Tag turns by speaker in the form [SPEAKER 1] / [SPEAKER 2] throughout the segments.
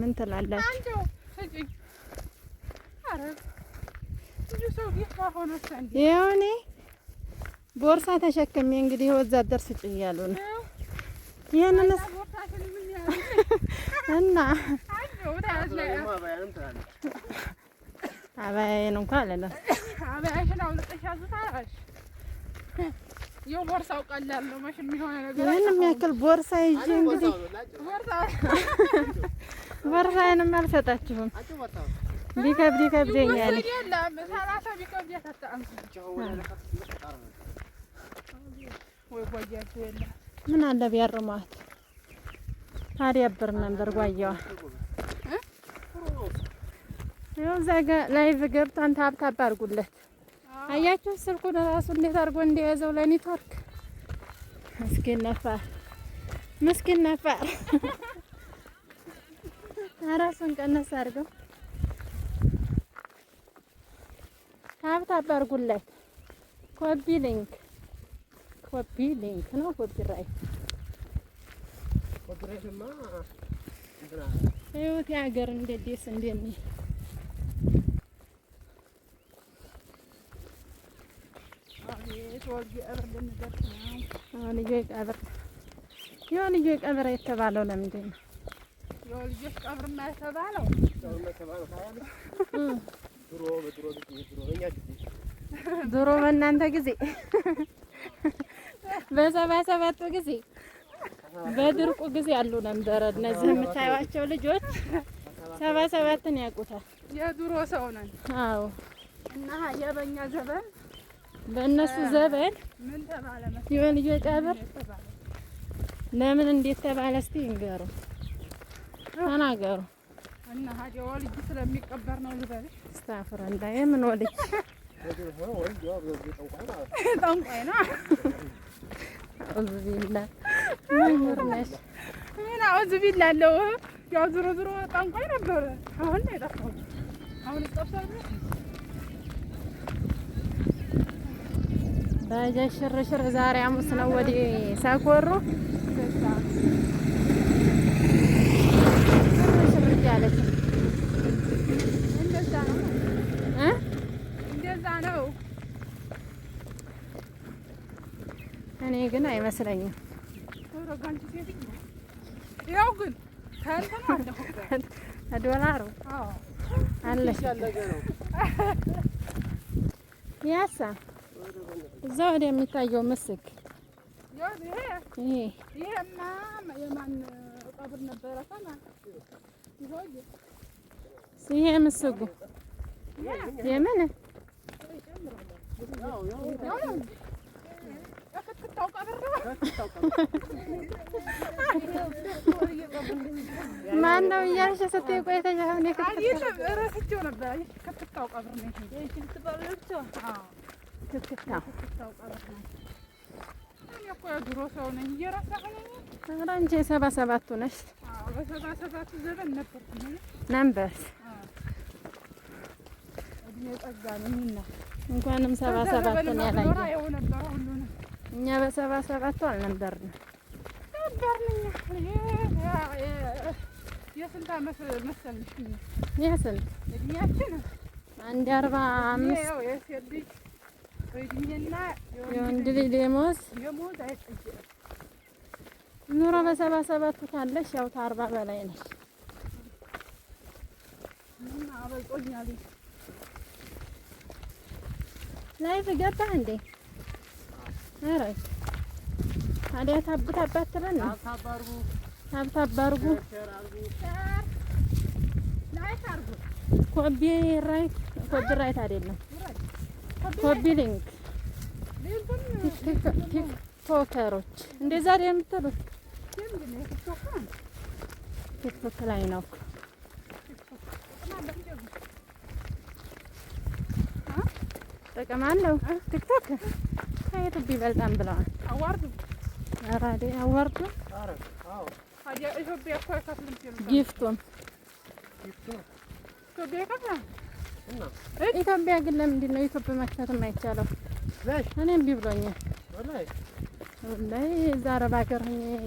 [SPEAKER 1] ምን ትላላችሁ? የሆነ ቦርሳ ተሸክሜ እንግዲህ ወዛደር ስጭ እያሉ ነው። ይህንንስ እና አበያዬን እንኳ አለለም።
[SPEAKER 2] ቦርሳው ቀላል ነው።
[SPEAKER 1] ይህን የሚያክል ቦርሳ ይዤ እንግዲህ ወራይንም አልሰጣችሁም። ቢከብድ ይከብደኛል። ምን አለ ቢያርሟት ታዲያ ብር ነበር ጓያዋ ይኸው ዘገ ላይቭ ገብቷን ታብታብ አድርጉለት። አያችሁ ስልኩን እራሱ እንዴት አድርጎ እንደያዘው ለኔትወርክ ምስኪን ነፋር ምስኪን ነፋር ራሱን ቀነስ አድርገው ሀብት አድርጉለት ኮፒ ሊንክ ኮፒ ሊንክ ነው። ኮፒራይት ኮፒራይትማ ህይወት የሀገር እንዴት ደስ እንደሚል ይሄ ቀብር የተባለው ለምንድን ነው?
[SPEAKER 2] የልጆች ቀብር የተባለው
[SPEAKER 1] ድሮ በእናንተ ጊዜ በሰባ ሰባቱ ጊዜ በድርቁ ጊዜ አሉ ነበረ። እነዚህ የምታዩቸው ልጆች ሰባ ሰባትን ያውቁታል።
[SPEAKER 2] የድሮ ሰው ነን። አዎ። እና የበኛ ዘበን
[SPEAKER 1] በእነሱ ዘበን
[SPEAKER 2] ምን ተባለ መሰለኝ
[SPEAKER 1] የልጆች ቀብር ለምን እንዴት ተባለ? እስቲ ይንገሩ። ተናገሩ
[SPEAKER 2] እና ሀዲያ ወልጅ ስለሚቀበር ነው ልበልሽ?
[SPEAKER 1] ስታፍር እንዳ የምን ወልጅ ጠንቋይ ነው። አውዝ ቢላ ምሁር ነሽ?
[SPEAKER 2] ምን አውዝ ቢላ አለው። ያው ዞሮ ዞሮ ጠንቋይ ነበረ። አሁን ነው የጠፋው። አሁን ይጠፋል።
[SPEAKER 1] ባጃጅ ሽርሽር ዛሬ ሐሙስ ነው ወደ ሰኮሩ ግን አይመስለኝም። ያው ግን ዶላሩ አለሽ ያሳ እዛ ወደ የሚታየው ምስክ
[SPEAKER 2] ይሄማ የማን ቀብር ነበረ?
[SPEAKER 1] ይሄ ምስጉ የምን ማን ነው እያልሽ ስትይ ቆይተሽ አሁን
[SPEAKER 2] ረስቼው ነበር። ከፍታው ቀብር ነው የድሮ ሰው ነኝ። እየረሳሁ ነኝ።
[SPEAKER 1] ኧረ አንቺ የሰባ ሰባቱ ነሽ።
[SPEAKER 2] በሰባ ሰባቱ ዘመን ነበርኩ ነበር እድሜ ጠጋ ነኝ እና
[SPEAKER 1] እንኳንም ሰባ ሰባቱ ነው ያላየሁ እኛ በሰባ ሰባቱ አልነበርንም
[SPEAKER 2] የስንት ዓመት መሰለሽ?
[SPEAKER 1] አንድ አርባ አምስት የወንድ ልጅ ደሞዝ ኑሮ በሰባ ሰባቱ ካለሽ ያው ከአርባ በላይ ነሽ። ላይፍ ገባህ እንዴ? ኧረ ታዲያ ታብ ታባት ትበል ነው ታብ ታብ አድርጉ ኮቢ ራይት ኮቢ ራይት አይደለም ኮቢ ሊንክ ቲክቶከሮች እንደዛ አይደል የምትሉት ቲክቶክ ላይ ነው እኮ ጥቅም አለው ቲክቶክ ከየቱ ቢበልጣን ብለዋል። አዋርዱ አራዴ አዋርዱ ጊፍቱም ኢትዮጵያ ግን ለምንድን ነው ኢትዮጵያ መክፈት የማይቻለው? እኔ እምቢ ላይ እዛ አረብ ሀገር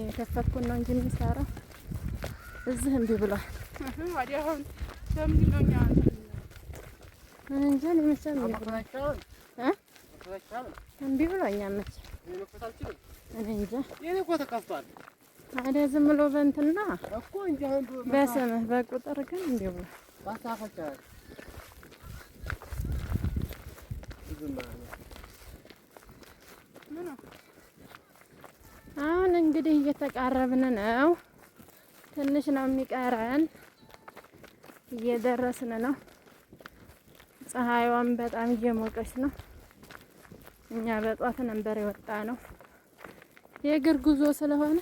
[SPEAKER 1] የከፈትኩን ነው እንጂ የሚሰራው እዚህ እምቢ ብሏል። እንጃ እምቢ ብሎኛ መች እኔ
[SPEAKER 3] እንጃ።
[SPEAKER 1] ታዲያ ዝም ብሎ በእንትና በስምህ በቁጥር ግን እምቢ ብሎ አሁን እንግዲህ እየተቃረብን ነው። ትንሽ ነው የሚቀረን። እየደረስን ነው። ፀሐይዋም በጣም እየሞቀች ነው። እኛ በጧት ነበር የወጣ ነው የእግር ጉዞ ስለሆነ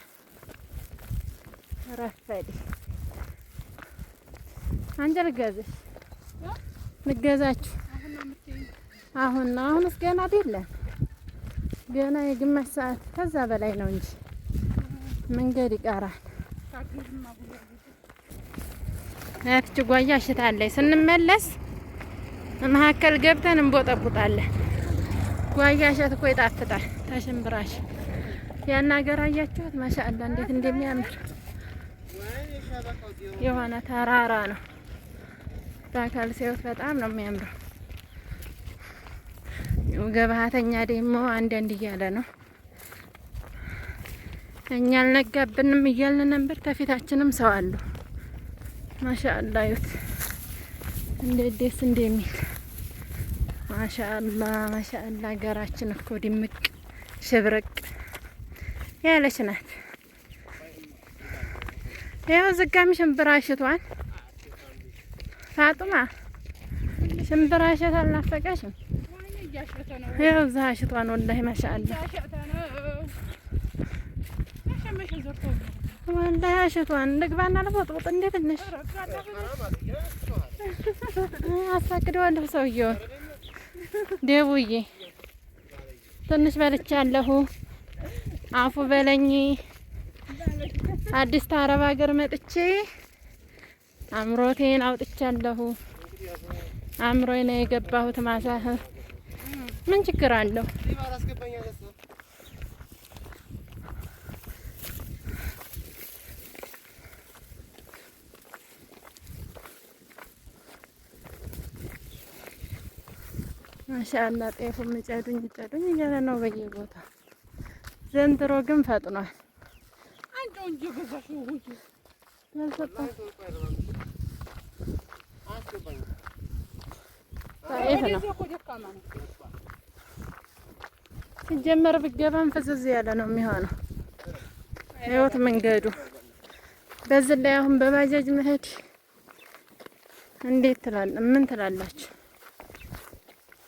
[SPEAKER 1] ረፈዴ አንቺ ልገዛሽ ልገዛችሁ አሁን ነው። አሁንስ ገና አይደለም፣ ገና የግማሽ ሰዓት ከዛ በላይ ነው እንጂ መንገድ ይቀራል። ያትች ጓያ ሽታለች። ስንመለስ መሀከል ገብተን እንቦጠቡጣለን። ጓያሸት እኮ ይጣፍጣል። ተሽምብራሽ ያን ሀገር አያችሁት? ማሻአላ እንዴት እንደሚያምር የሆነ ተራራ ነው። በአካል ሲያዩት በጣም ነው የሚያምረው። ገባተኛ ደግሞ አንዳንድ እያለ ነው። እኛ አልነጋብንም እያልን ነበር። ከፊታችንም ሰው አሉ። ማሻአላ ዩት እንዴት ደስ እንደሚል ማሻአላ ማሻአላ ሀገራችን እኮ ድምቅ ሽብርቅ ያለች ናት። ያው ዘጋሚ ሽንብራ ሽቷል። ፋጡማ ሽንብራ ሽት አልናፈቀሽም? ያው እዛ ሽቷን ወላሂ ማሻአላ ወላሂ ሽቷን ንግባና ልቦጥቦጥ እንዴት ነሽ? አሳክደዋለሁ ሰውየውን ደቡዬ ትንሽ በልቻለሁ። አፉ በለኝ። አዲስ አረብ ሀገር መጥቼ አምሮቴን አውጥቻለሁ። አምሮዬ ነው የገባሁት። ማሳህ ምን ችግር አለው? ማሻአላ ጤፉ ምጨዱኝ እጨዱኝ እያለ ነው በየቦታው። ዘንድሮ ግን ፈጥኗል። ነው ሲጀመር ብገባም ፍዝዝ ያለ ነው የሚሆነው። ህይወት መንገዱ በዚህ ላይ አሁን በባጃጅ መሄድ እንዴት ትላል? ምን ትላላችሁ?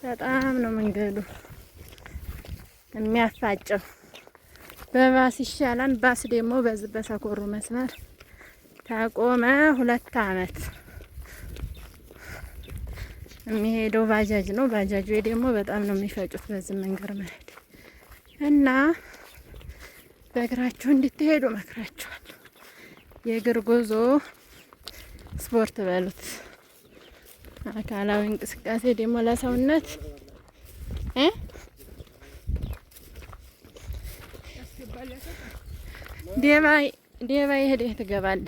[SPEAKER 1] በጣም ነው መንገዱ የሚያፋጨው። በባስ ይሻላል። ባስ ደግሞ በዚህ በሰኮሩ መስመር ተቆመ ሁለት አመት። የሚሄደው ባጃጅ ነው። ባጃጅ ወይ ደግሞ በጣም ነው የሚፈጩት በዚህ መንገድ መሄድ እና በእግራችሁ እንድትሄዱ መክራችኋል። የእግር ጉዞ ስፖርት በሉት። አካላዊ እንቅስቃሴ ደግሞ ለሰውነት ዴባ የሄደህ ሽንኩርታችን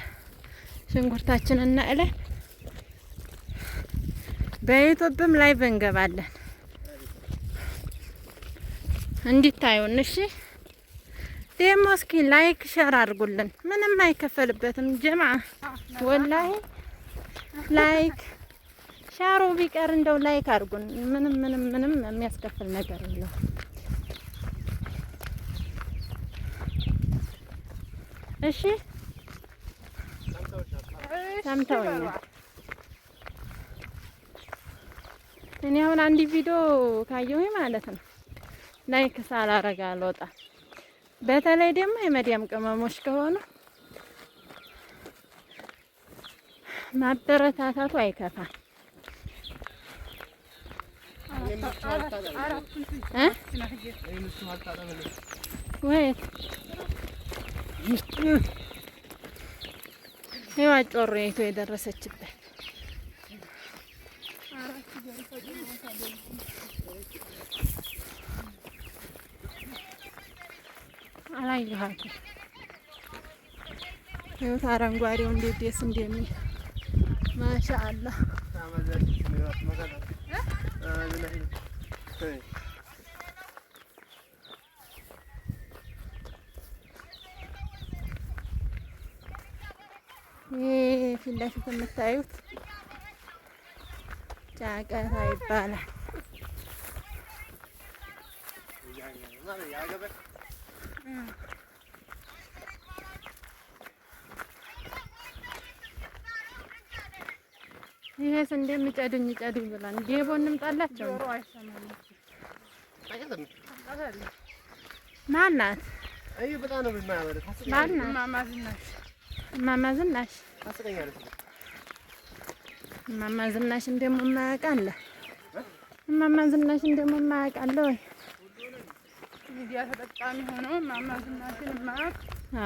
[SPEAKER 1] ሽንኩርታችንን እለ በዩቱብም ላይ እንገባለን እንዲታዩን። እሺ ደግሞ እስኪ ላይክ ሸር አድርጉልን። ምንም አይከፈልበትም ጀማ ወላሂ ላይክ ሻሮ ቢቀር እንደው ላይክ አድርጉን። ምንም ምንም ምንም የሚያስከፍል ነገር የለው። እሺ ሰምተውኛል። እኔ አሁን አንድ ቪዲዮ ካየሁኝ ማለት ነው ላይክ ሳላረግ አልወጣም። በተለይ ደግሞ የመዲያም ቅመሞች ከሆኑ ማበረታታቱ አይከፋም።
[SPEAKER 2] Hah? ngah ngah ngah ngah ngah
[SPEAKER 1] ngah ngah ngah ngah ngah ngah ngah ngah ngah ngah ngah ngah ይህ ፊት ለፊት የምታዩት ጫቀታ ይባላል። ይሄስ እንደምጨዱኝ ጨዱኝ ብላን ዴቦንም ጣላቸው ማናት? አይ በጣም ነው ማናት?
[SPEAKER 2] ማማዝናሽ
[SPEAKER 1] ማማዝናሽ አስቀኛለች። ማማዝናሽን ደግሞ የማያውቃለ ማማዝናሽን ደግሞ የማያውቃለ ወይ
[SPEAKER 2] ሚዲያ ተጠቃሚ ሆኖ ማማዝናሽን የማያውቅ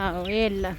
[SPEAKER 1] አዎ የለም።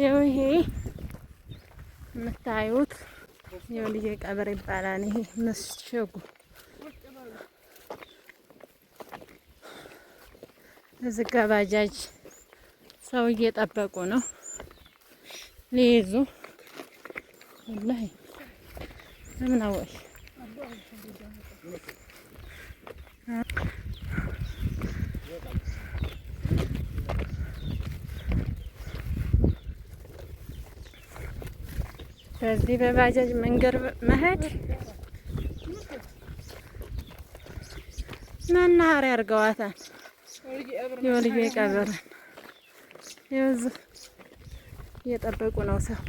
[SPEAKER 1] ይሄ የምታዩት የወልዬ ቀብር ይባላል። ይሄ መስሸጉ እዚህ ጋ ባጃጅ ሰው እየጠበቁ ነው ሊይዙ። ወላሂ ምን አወል በዚህ በባጃጅ መንገድ መሄድ መናኸሪያ አድርገዋታል። የወልዬ ቀበርን ይኸው እየጠበቁ ነው። ሰው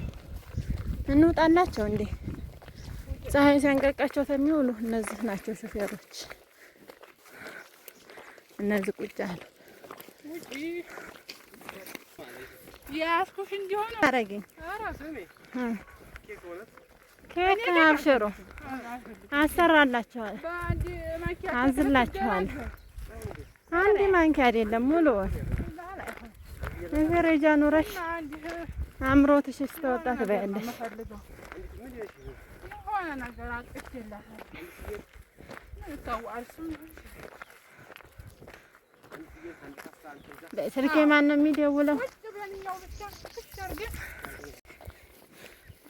[SPEAKER 1] እንውጣላቸው እንዴ! ፀሐይ ሲያንቀቃቸው የሚውሉ እነዚህ ናቸው ሹፌሮች። እነዚህ ቁጭ አሉ።
[SPEAKER 2] ያስኩሽ እንዲሆነ
[SPEAKER 1] አረገኝ ኬክ አብሽሩ፣ አሰራላችኋል፣ አዝላችኋል። አንድ ማንኪያ አይደለም ሙሉውን እንግሬጃ ኑረሽ አምሮትሽ ስትወጣ ትበያለሽ። ስልኬ ማን ነው የሚደውለው?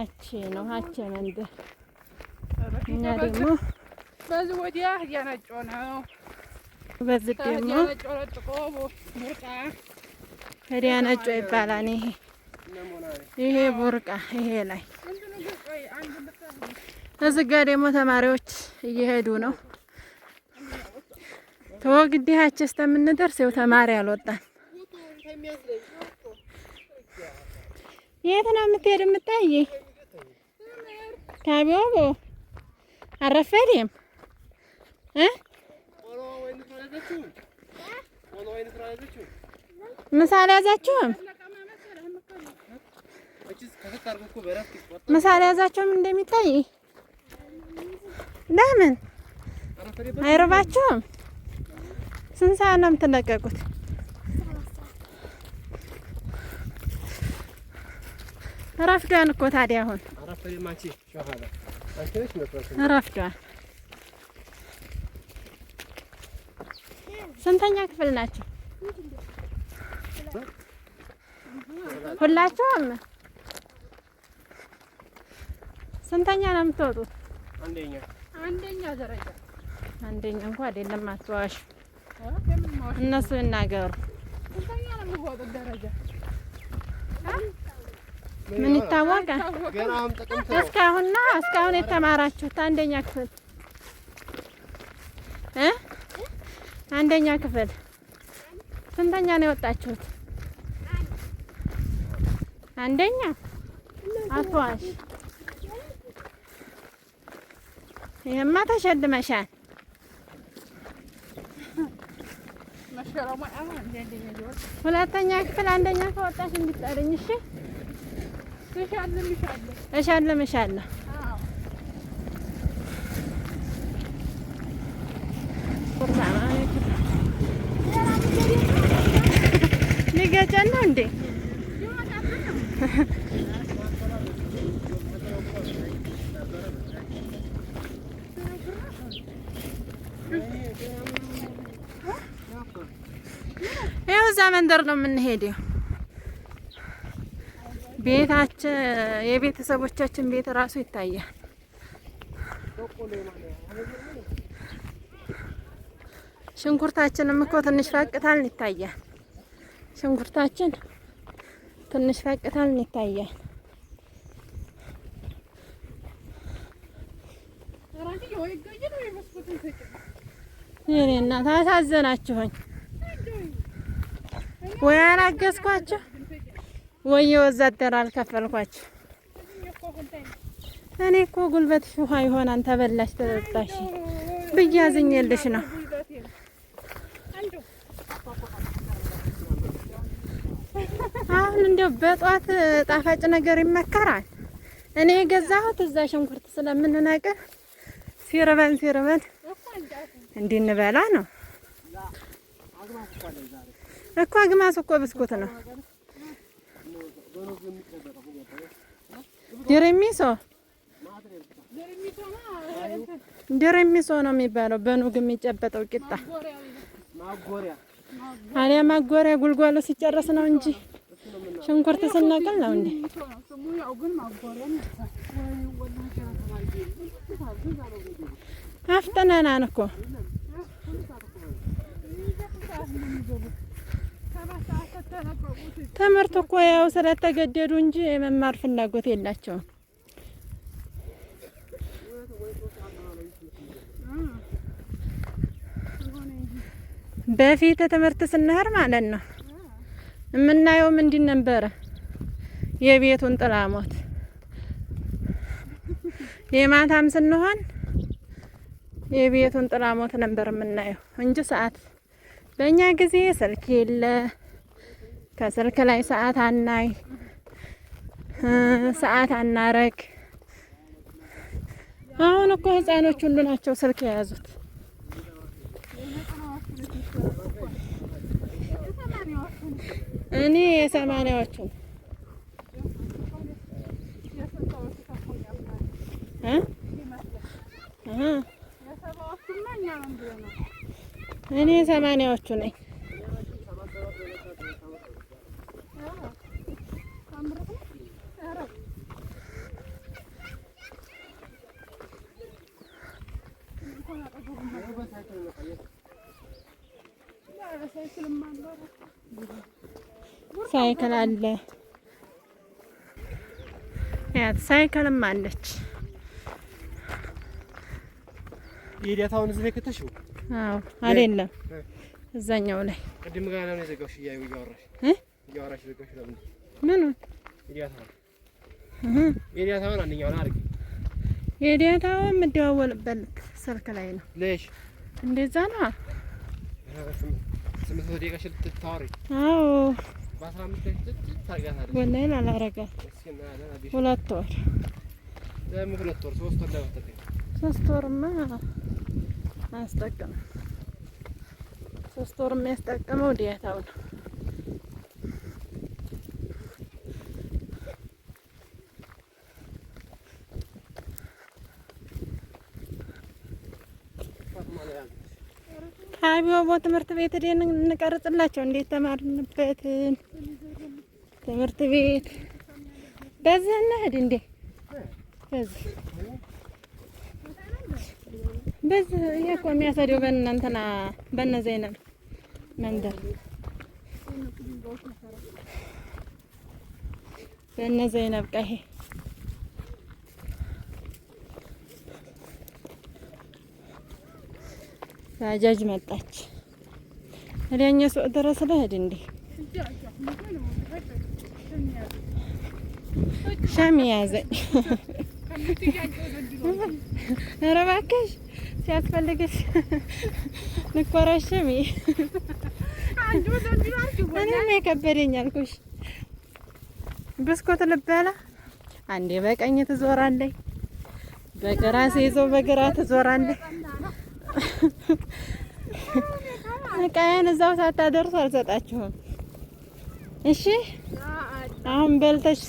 [SPEAKER 1] አቼ ነው ሀቼ መንደር። እኛ ደግሞ
[SPEAKER 2] በዚህ ወዲያ ነው።
[SPEAKER 1] በዚህ ደግሞ ነጮ ይባላል። ይሄ ይሄ ቡርቃ ይሄ ላይ እዚህ ጋር ደግሞ ተማሪዎች እየሄዱ ነው። ተወግዲያች እስከምንደርስ ይኸው ተማሪ አልወጣም። የት ነው የምትሄድ ታቦቦ አረፈደም እ ምሳ አልያዛችሁም? ምሳ አልያዛችሁም? እንደሚታይ ለምን አይረባችሁም? ስንት ሰዓት ነው የምትለቀቁት? ረፍዷን እኮ ታዲያ አሁን ረፍዷል። ስንተኛ ክፍል ናቸው? ሁላችሁም ስንተኛ ነው የምትወጡት?
[SPEAKER 3] አንደኛ
[SPEAKER 2] አንደኛ ደረጃ
[SPEAKER 1] አንደኛ እንኳን አይደለም። አትዋሹ፣ እነሱ ይናገሩ።
[SPEAKER 2] ስንተኛ ነው የምትወጡት ደረጃ
[SPEAKER 1] ምን ይታወቃል? እስካሁን ነው እስካሁን የተማራችሁት አንደኛ ክፍል እ አንደኛ ክፍል ስንተኛ ነው የወጣችሁት? አንደኛ አቷሽ ይሄማ ተሸልመሻል። ሁለተኛ ክፍል አንደኛ ከወጣሽ እንድትጠሪኝ እሺ። እሻለም እሻለሁ ሊገጨን ነው እንዴ? ይኸው እዛ መንደር ነው የምንሄደው። ቤታችን የቤተሰቦቻችን ቤት ራሱ ይታያል። ሽንኩርታችንም እኮ ትንሽ ፈቅታልን ይታያል። ሽንኩርታችን ትንሽ ፈቅታልን ይታያል። የእኔ እናት አሳዘናችሁኝ ወይ አራገዝኳችሁ። ወይ ወዛደር አልከፈልኳችሁ። እኔ እኮ ጉልበትሽ ውሃ ይሆናል ተበላሽ ተጠጣሽ ብዬ አዝኜልሽ ነው። አሁን እንደው በጧት ጣፋጭ ነገር ይመከራል። እኔ የገዛሁት እዛ ሽንኩርት ስለምንነቅር ሲርበን ሲርበን እንድንበላ ነው እኮ። አግማስ እኮ ብስኩት ነው። ድርሚሶ ድርሚሶ ነው የሚባለው። በኑግ የሚጨበጠው ቂጣ አሊያ ማጎሪያ ጉልጓሎ ሲጨረስ ነው እንጂ ሽንኩርት ስናቅል ነው እንዴ? አፍጥነናን እኮ ትምህርት እኮ ያው ስለተገደዱ እንጂ የመማር ፍላጎት የላቸውም። በፊት ትምህርት ስንሄድ ማለት ነው የምናየው ምንድን ነበረ? የቤቱን ጥላሞት የማታም ስንሆን የቤቱን ጥላሞት ነበር የምናየው እንጂ ሰዓት በእኛ ጊዜ ስልክ የለ ከስልክ ላይ ሰዓት አናይ፣ ሰዓት አናረግ። አሁን እኮ ህፃኖች ሁሉ ናቸው ስልክ የያዙት። እኔ የሰማንያዎቹ እኔ የሰማንያዎቹ ነኝ። ሳይክል አለ። ያት ሳይክልም አለች።
[SPEAKER 3] ይሄዳታውን እዚህ ላይ ከተሽው?
[SPEAKER 1] አዎ፣ አይደለም እዛኛው ላይ
[SPEAKER 3] ቅድም እያዩ እያወራሽ እያወራሽ ለምን ምኑን? አድርጊ
[SPEAKER 1] የዳታው የምደዋወልበት ስልክ ላይ ነው። ለሽ እንደዛ ነው። ሁለት ወር ሶስት ወርማ አያስጠቅምም። ሶስት ወር የሚያስጠቅመው ዳታው ነው። አቢቦ ትምህርት ቤት ደን እንቀርጽላቸው እንዴት ተማርንበትን ትምህርት ቤት በዚህ እንሂድ እንዴ በዚህ በዚህ ይሄ እኮ የሚያሳደው በእናንተና በእነ ዘይነብ መንደር በእነ ዘይነብ ቀሄ ባጃጅ መጣች። ወዲያኛ ሰው ድረስ ልሄድ እንዴ? ሻሚ ያዘኝ። ኧረ እባክሽ ሲያስፈልግሽ ንኮራሽ ሻሚ። እኔማ የከበደኝ አልኩሽ። ብስኩት ልበላ። አንዴ በቀኝ ትዞራለች፣ በግራ ሲይዘው በግራ ትዞራለች። እቃዬን እዛው ሳታደርሱ አልሰጣችሁም። እሺ አሁን በልተሽ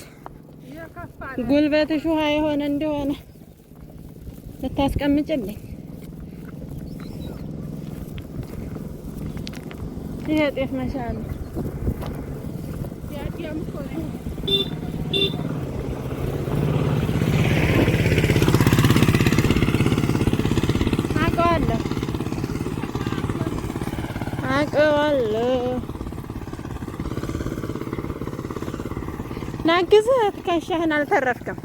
[SPEAKER 1] ጉልበትሽ ውሃ የሆነ እንደሆነ ልታስቀምጭልኝ። ይሄ ጤፍ መሻለሁ አውቀዋለሁ። ናግዝህ ትከሻህን አልተረፍክም።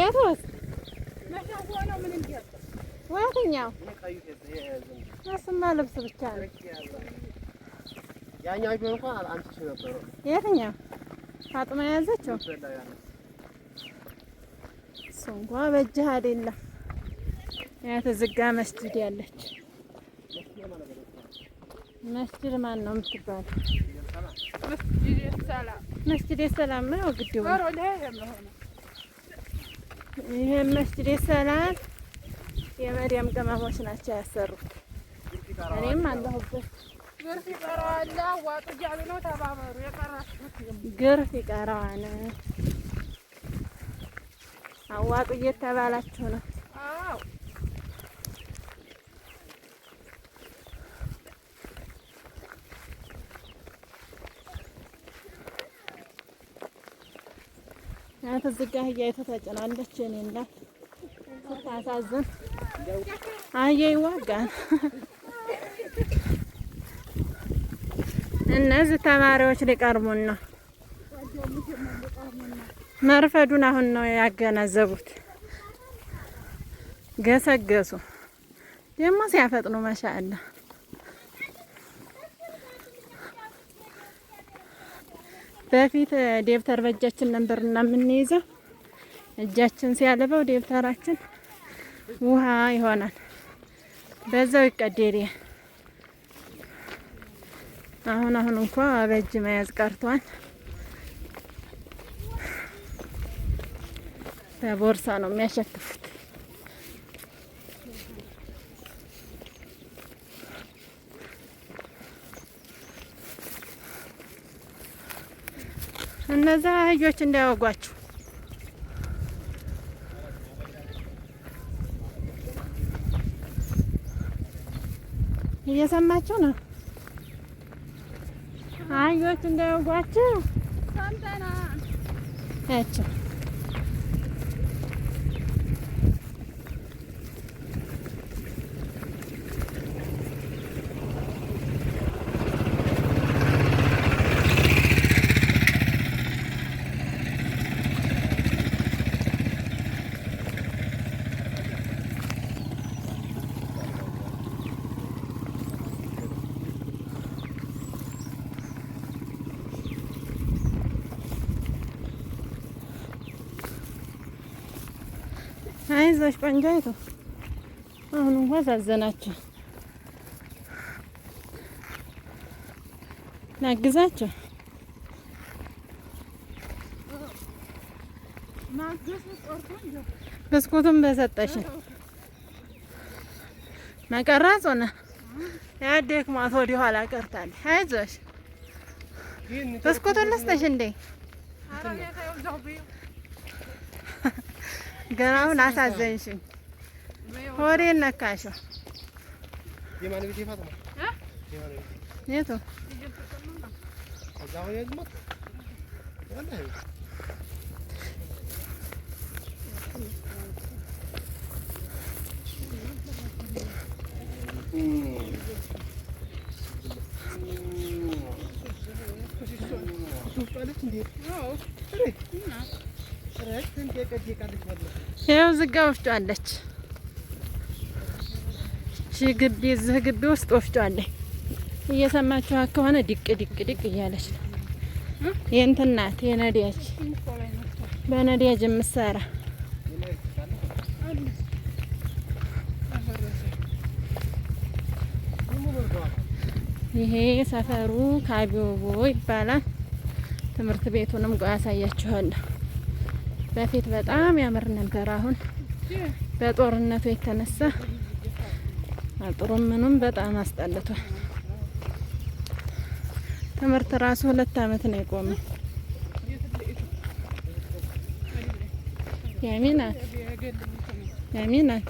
[SPEAKER 1] የት ውስጥ እሱማ ልብስ ብቻ ነው። የትኛው አጥማ የያዘችው እሱ እንኳ በእጅህ አይደለም። የተዘጋ መስጂድ ያለች መስጂድ ማን ነው የምትባል? መስጂድ ሰላም ነው ግድቡ። ይህም መስጂድ ሰላም የመዲያም ቅመሞች ናቸው ያሰሩት። እኔም አለሁበት።
[SPEAKER 2] ግርፍ ይቀረዋል፣ ዋጡ እያሉ ነው። ተባበሩ።
[SPEAKER 1] ግርፍ ይቀረዋል፣ አዋጡ እየተባላችሁ ነው። አንተ ዝጋ ጋር አህያይቱ ተጭናለች። እናት ስታሳዝን አህያ ይዋጋል። እነዚህ ተማሪዎች ሊቀርሙን ነው። መርፈዱን አሁን ነው ያገናዘቡት። ገሰገሱ ደግሞ ሲያፈጥኑ መሻአላ በፊት ዴብተር በእጃችን ነበር እና የምንይዘው እጃችን ሲያልበው ዴብተራችን ውሃ ይሆናል፣ በዛው ይቀደድ። አሁን አሁን እንኳ በእጅ መያዝ ቀርቷል፣ በቦርሳ ነው የሚያሸክፉት። እነዛ አህዮች እንዳያወጓችሁ። እየሰማችሁ ነው። አህዮች እንዳያወጓችሁ።
[SPEAKER 2] ሰምተናል።
[SPEAKER 1] የዛች ጳንጃይቱ አሁን እንኳን ሳዘናቸው ናግዛቸው ብስኩቱም በሰጠሽን መቀረጽ ሆነ ያደክማት ወደ ኋላ ቀርታለች። አይዞሽ ብስኩቱን ልስጠሽ እንዴ ganhar o nosso azeite. Por aí na caixa. E mais o que faz? Isso. Agora é de moto. Olha aí. Não, peraí. Não. ያው ዝጋ ወፍጮ አለች። ግቢ እዚህ ግቢ ውስጥ ወፍጮ አለ። እየሰማችሁ ከሆነ ድቅ ድቅ ድቅ እያለች ነው። የእንትን ናት የነዳጅ በነዳጅ የምትሰራ ይሄ ሰፈሩ ካቢቦ ይባላል። ትምህርት ቤቱንም ጎ ያሳያችኋለሁ። በፊት በጣም ያምር ነበር። አሁን በጦርነቱ የተነሳ አጥሩም ምኑም በጣም አስጠልቷል። ትምህርት ራሱ ሁለት አመት ነው የቆመው። የሚናት የሚናት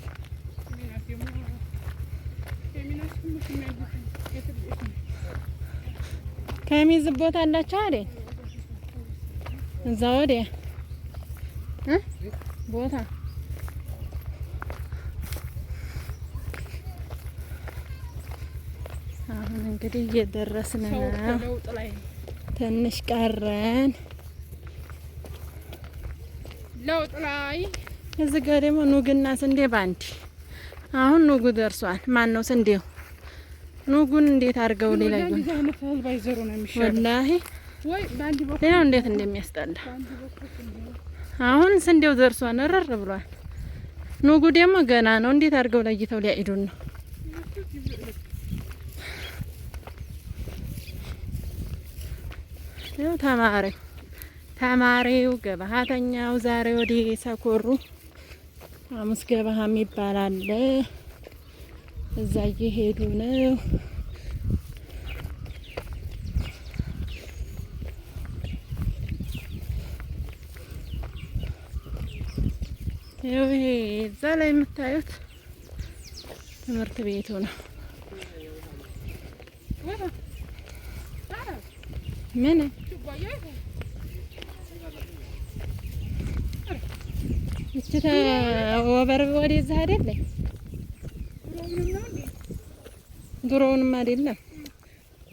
[SPEAKER 1] ከሚዝ ቦታ አላቸው አይደል? እዛ ወዲያ ቦታ አሁን እንግዲህ እየደረስን ነው። ትንሽ ቀረን።
[SPEAKER 2] ለውጥ ላይ
[SPEAKER 1] እዚህ ጋር ደግሞ ኑግና ስንዴ ባንድ አሁን ኑጉ ደርሷል። ማን ነው ስንዴው? ኑጉን እንዴት አድርገው ሌላ ወላሂ ወይ እንዴት እንደሚያስጠላ አሁን ስንዴው ደርሷን እርር ብሏል። ኑጉ ደግሞ ገና ነው። እንዴት አድርገው ለይተው ሊያጭዱን ነው? ያው ተማሪው ተማሪው ገባሃተኛው ዛሬ ወደ ሰኮሩ ሐሙስ ገባሃም ይባላል። እዛ እየሄዱ ነው። ይሄ እዛ ላይ የምታዩት ትምህርት ቤቱ ነው። ምን እችታ ወበር ወደዛ አይደለ ድሮውንም አይደለም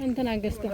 [SPEAKER 1] እንትና ገዝተው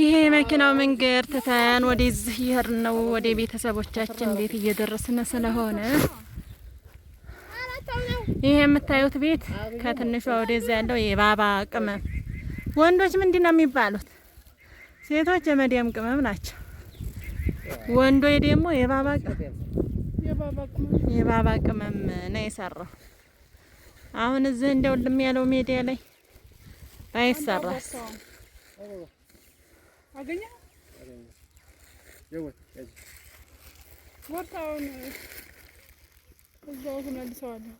[SPEAKER 1] ይሄ መኪናው መንገድ ትተን ወደዚህ ይሄር ነው ወደ ቤተሰቦቻችን ቤት እየደረስን ስለሆነ ይሄ የምታዩት ቤት ከትንሿ ወደዛ ያለው የባባ ቅመም ወንዶች ምንድን ነው የሚባሉት? ሴቶች የመዲያም ቅመም ናቸው። ወንዶች ደግሞ የባባ ቅመም የባባ ቅመም ነው የሰራው። አሁን እዚህ እንደው ልም ያለው ሜዲያ ላይ አይሰራስ
[SPEAKER 2] አገኘህ? ጎርታውን እዛው ሁነልሰዋለሁ።